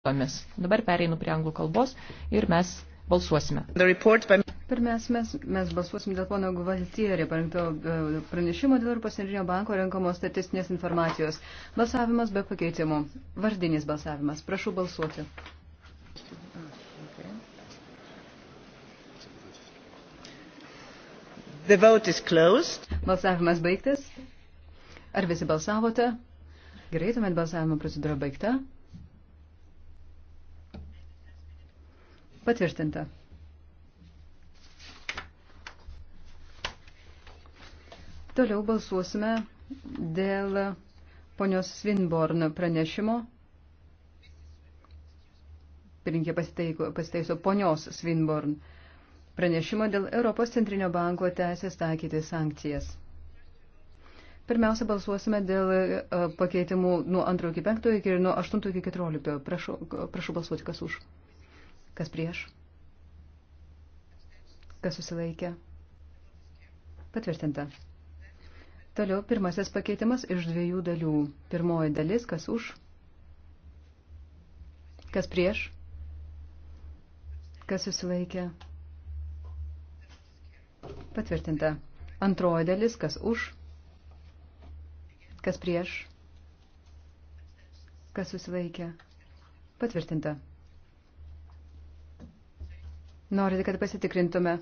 tomis. Dabar pereinu prie anglų kalbos ir mes balsuosime. By... Pirmiausia, mes, mes balsuosim dėl pono Gvaltierį parengto e, pranešimo dėl Europos Centrinio banko renkamos statistinės informacijos. Balsavimas be pakeitimų. Vardinis balsavimas. Prašau balsuoti. The vote is closed. Balsavimas baigtas. Ar visi balsavote? Gerai, tuomet balsavimo procedūra baigta. Patvirtinta. Toliau balsuosime dėl ponios Svinborn pranešimo. Pirinkė pasitaiso ponios Svinborn pranešimo dėl Europos centrinio banko teisės taikyti sankcijas. Pirmiausia, balsuosime dėl e, pakeitimų nuo 2 iki 5 ir nuo 8 iki 14. Prašau, prašau balsuoti, kas už. Kas prieš? Kas susilaikė? Patvirtinta. Toliau pirmasis pakeitimas iš dviejų dalių. Pirmoji dalis, kas už? Kas prieš? Kas susilaikė? Patvirtinta. Antroji dalis, kas už? Kas prieš? Kas susilaikė? Patvirtinta. Norite, kad pasitikrintume?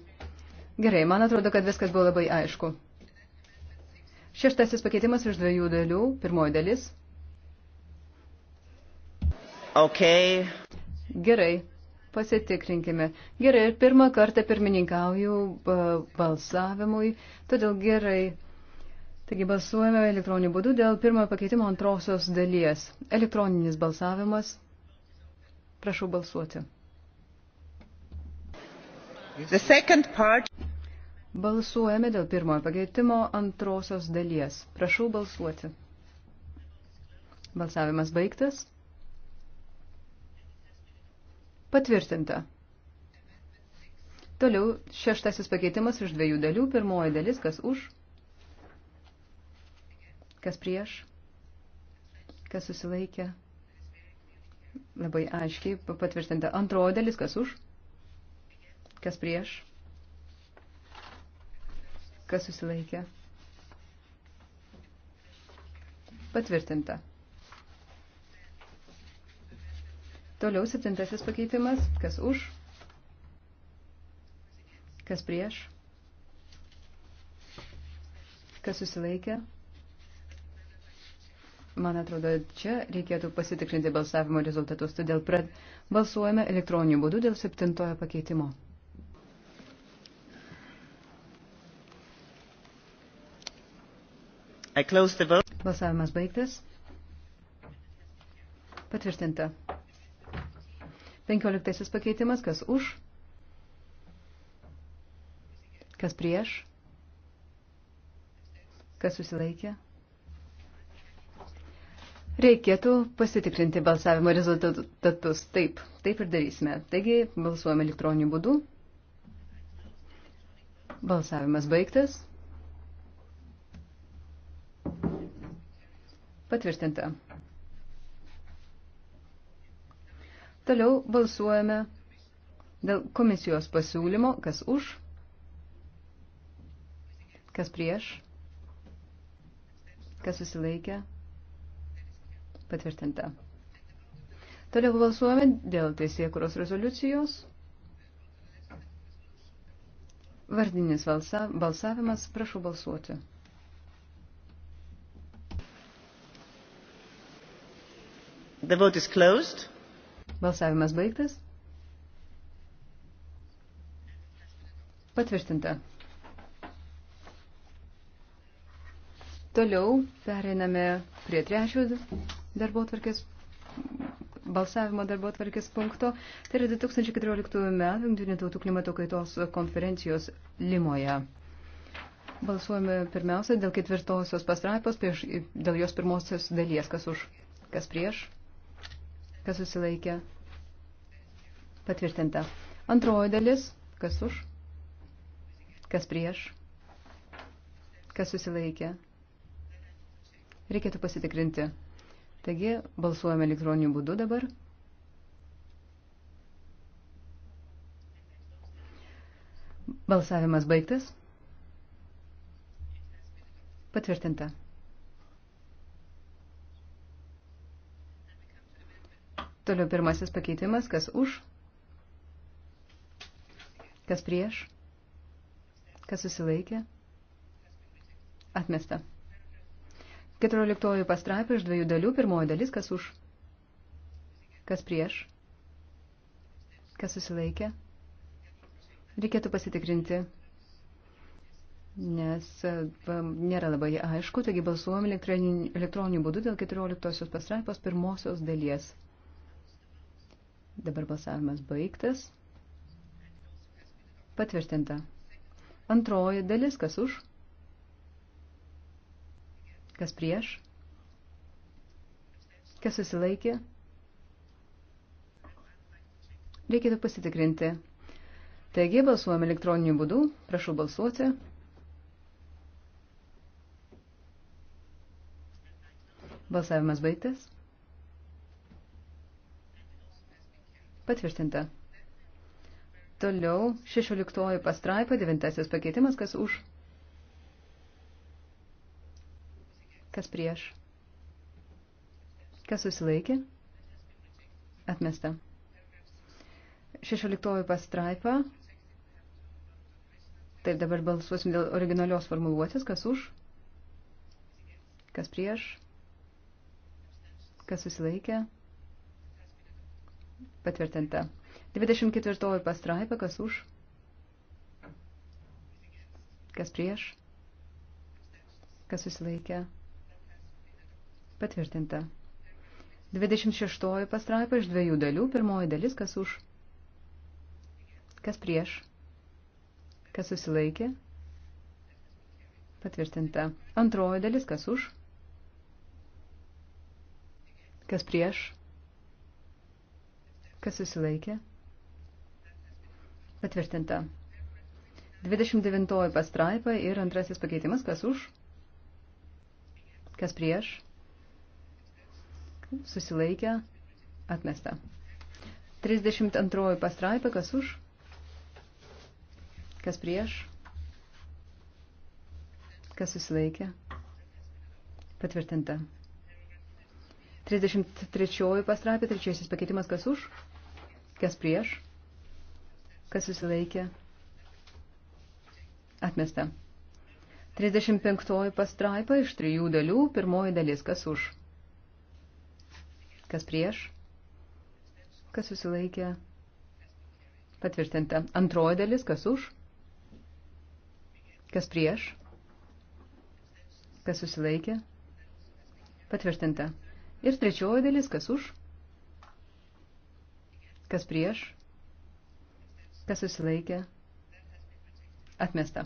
Gerai, man atrodo, kad viskas buvo labai aišku. Šeštasis pakeitimas iš dviejų dalių. Pirmoji dalis. Okay. Gerai, pasitikrinkime. Gerai, pirmą kartą pirmininkauju e, balsavimui, todėl gerai. Taigi balsuojame elektroniniu būdu dėl pirmojo pakeitimo antrosios dalies. Elektroninis balsavimas. Prašau balsuoti. Part... Balsuojame dėl pirmojo pakeitimo antrosios dalies. Prašau balsuoti. Balsavimas baigtas. Patvirtinta. Toliau šeštasis pakeitimas iš dviejų dalių. Pirmoji dalis, kas už, kas prieš, kas susilaikė. Labai aiškiai patvirtinta. Antroji dalis, kas už, Kas prieš? Kas susilaikė? Patvirtinta. Toliau septintasis pakeitimas. Kas už? Kas prieš? Kas susilaikė? Man atrodo, čia reikėtų pasitikrinti balsavimo rezultatus, todėl balsuojame elektroniniu būdu dėl septintojo pakeitimo. Balsavimas baigtas. Patvirtinta. Penkioliktasis pakeitimas, kas už, kas prieš, kas susilaikė. Reikėtų pasitikrinti balsavimo rezultatus. Taip, taip ir darysime. Taigi, balsuojame elektroniniu būdu. Balsavimas baigtas. Patvirtinta. Toliau balsuojame dėl komisijos pasiūlymo, kas už, kas prieš, kas susilaikė. Patvirtinta. Toliau balsuojame dėl teisėkuros rezoliucijos. Vardinis balsavimas, prašau balsuoti. The vote is closed. Balsavimas baigtas. Patvirtinta. Toliau pereiname prie trečio darbo tvarkės, balsavimo darbo tvarkės punkto. Tai yra 2014 metų Junktinių tautų klimato kaitos konferencijos Limoje. Balsuojame pirmiausia dėl ketvirtosios pastraipos, prieš, dėl jos pirmosios dalies, kas už, kas prieš, kas susilaikė, patvirtinta. Antroji dalis, kas už, kas prieš, kas susilaikė. Reikėtų pasitikrinti. Taigi balsuojame elektroniniu būdu dabar. Balsavimas baigtas. Patvirtinta. Toliau pirmasis pakeitimas, kas už, kas prieš, kas susilaikė, atmesta. Keturioliktoji pastraipė iš dviejų dalių, pirmoji dalis, kas už, kas prieš, kas susilaikė. Reikėtų pasitikrinti, nes nėra labai aišku, taigi balsuojam elektroniniu būdu dėl keturioliktosios pastraipos pirmosios dalies. Dabar balsavimas baigtas. Patvirtinta. Antroji dalis, kas už? Kas prieš? Kas susilaikė? Reikėtų pasitikrinti. Taigi balsuojame elektroniniu būdu. Prašau balsuoti. Balsavimas baigtas. Patvirtinta. Toliau 16 pastraipa, 9 pakeitimas, kas už. Kas prieš. Kas susilaikė? Atmesta. 16 pastraipa. Taip dabar balsuosim dėl originalios formuluotės, kas už. Kas prieš. Kas susilaikė? Patvirtinta. 24 pastraipa, kas už? Kas prieš? Kas susilaikė? Patvirtinta. 26 pastraipa iš dviejų dalių. Pirmoji dalis, kas už? Kas prieš? Kas susilaikė? Patvirtinta. Antroji dalis, kas už? Kas prieš? Kas susilaikė? Patvirtinta. 29 pastraipa ir antrasis pakeitimas. Kas už? Kas prieš? Susilaikę. Atmesta. 32 pastraipa. Kas už? Kas prieš? Kas susilaikė? Patvirtinta. 33 pastrapė, trečiasis pakeitimas, kas už, kas prieš, kas susilaikė, atmesta. 35 pastraipa iš trijų dalių, pirmoji dalis, kas už, kas prieš, kas susilaikė, patvirtinta. Antroji dalis, kas už, kas prieš, kas susilaikė, patvirtinta. Ir trečioji dalis, kas už, kas prieš, kas susilaikė, atmesta.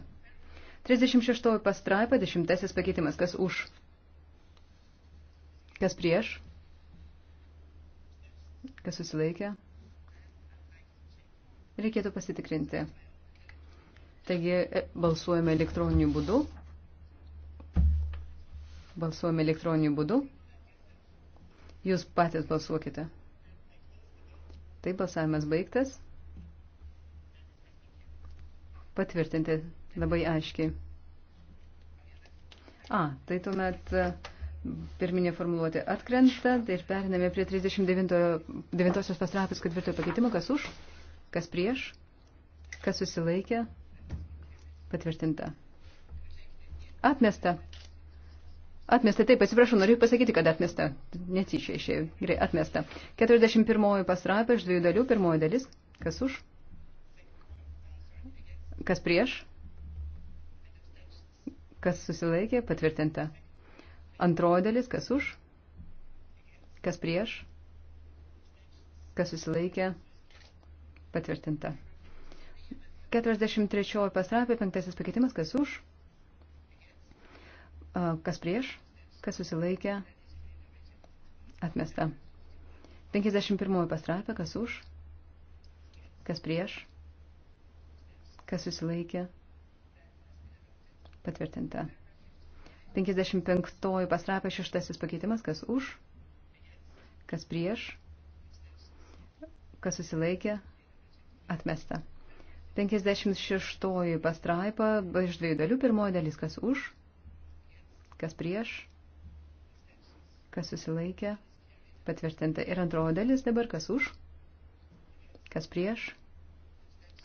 36 pastraipa, 10 pakeitimas, kas už, kas prieš, kas susilaikė, reikėtų pasitikrinti. Taigi e, balsuojame elektroniniu būdu. Balsuojame elektroniniu būdu. Jūs patys balsuokite. Taip, balsavimas baigtas. Patvirtinti labai aiškiai. A, tai tuomet e, pirminė formuluotė atkrenta tai ir periname prie 39 pastrapės ketvirtojo pakeitimo. Kas už, kas prieš, kas susilaikė, patvirtinta. Atmesta. Atmesta, taip, atsiprašau, noriu pasakyti, kad atmesta. Netyčia išėjo. Gerai, atmesta. 41 pastrapė iš dviejų dalių. Pirmoji dalis. Kas už? Kas prieš? Kas susilaikė? Patvirtinta. Antroji dalis. Kas už? Kas prieš? Kas susilaikė? Patvirtinta. 43 pastrapė. Penktasis pakeitimas. Kas už? Kas prieš? Kas susilaikė? Atmesta. 51 pastrapė. Kas už? Kas prieš? Kas susilaikė? Patvirtinta. 55 pastrapė šeštasis pakeitimas. Kas už? Kas prieš? Kas susilaikė? Atmesta. 56 pastraipa iš dviejų dalių. Pirmoji dalis kas už, Kas prieš? Kas susilaikė? Patvirtinta. Ir antroji dalis dabar, kas už? Kas prieš?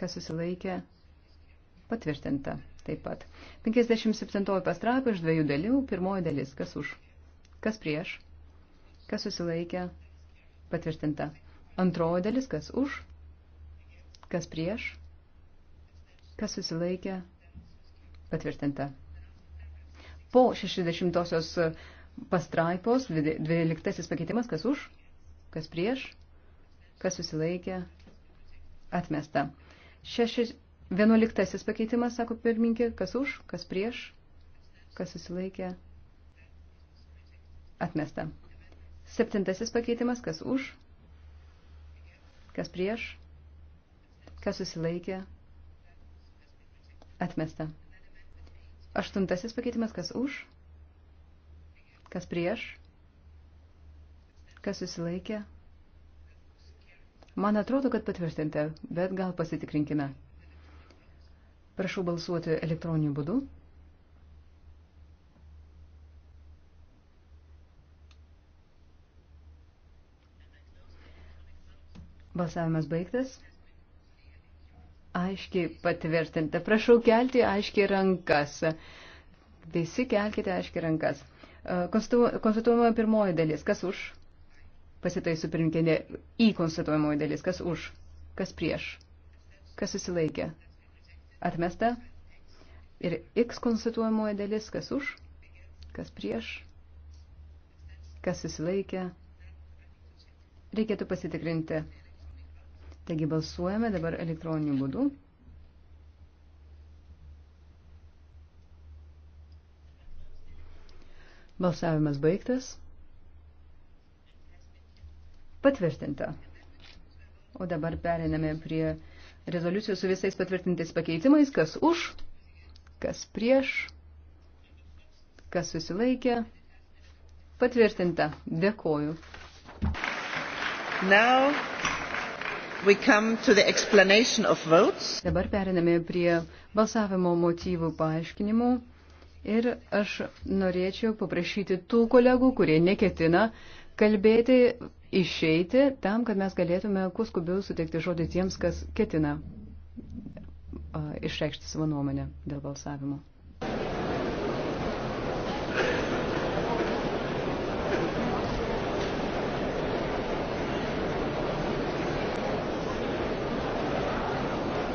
Kas susilaikė? Patvirtinta. Taip pat. 57 pastrapa iš dviejų dalių. Pirmoji dalis, kas už? Kas prieš? Kas susilaikė? Patvirtinta. Antroji dalis, kas už? Kas prieš? Kas susilaikė? Patvirtinta po 60-osios pastraipos, 12 pakeitimas, kas už, kas prieš, kas susilaikė, atmesta. 11 pakeitimas, sako pirminkė, kas už, kas prieš, kas susilaikė, atmesta. Septintasis pakeitimas, kas už, kas prieš, kas susilaikė, atmesta. Aštuntasis pakeitimas, kas už, kas prieš, kas susilaikė. Man atrodo, kad patvirtinta, bet gal pasitikrinkime. Prašau balsuoti elektroniniu būdu. Balsavimas baigtas aiškiai patvirtinta. Prašau kelti aiškiai rankas. Visi kelkite aiškiai rankas. E, Konstatuojama pirmoji dalis. Kas už? Pasitaisiu pirminkinė į konstatuojamoji dalis. Kas už? Kas prieš? Kas susilaikė? Atmesta? Ir X konstatuojamoji dalis. Kas už? Kas prieš? Kas susilaikė? Reikėtų pasitikrinti. Taigi balsuojame dabar elektroniniu būdu. Balsavimas baigtas. Patvirtinta. O dabar periname prie rezoliucijos su visais patvirtintais pakeitimais, kas už, kas prieš, kas susilaikė. Patvirtinta. Dėkoju. Now. Dabar periname prie balsavimo motyvų paaiškinimų. Ir aš norėčiau paprašyti tų kolegų, kurie neketina kalbėti, išeiti tam, kad mes galėtume kuo skubiau suteikti žodį tiems, kas ketina išreikšti savo nuomonę dėl balsavimo.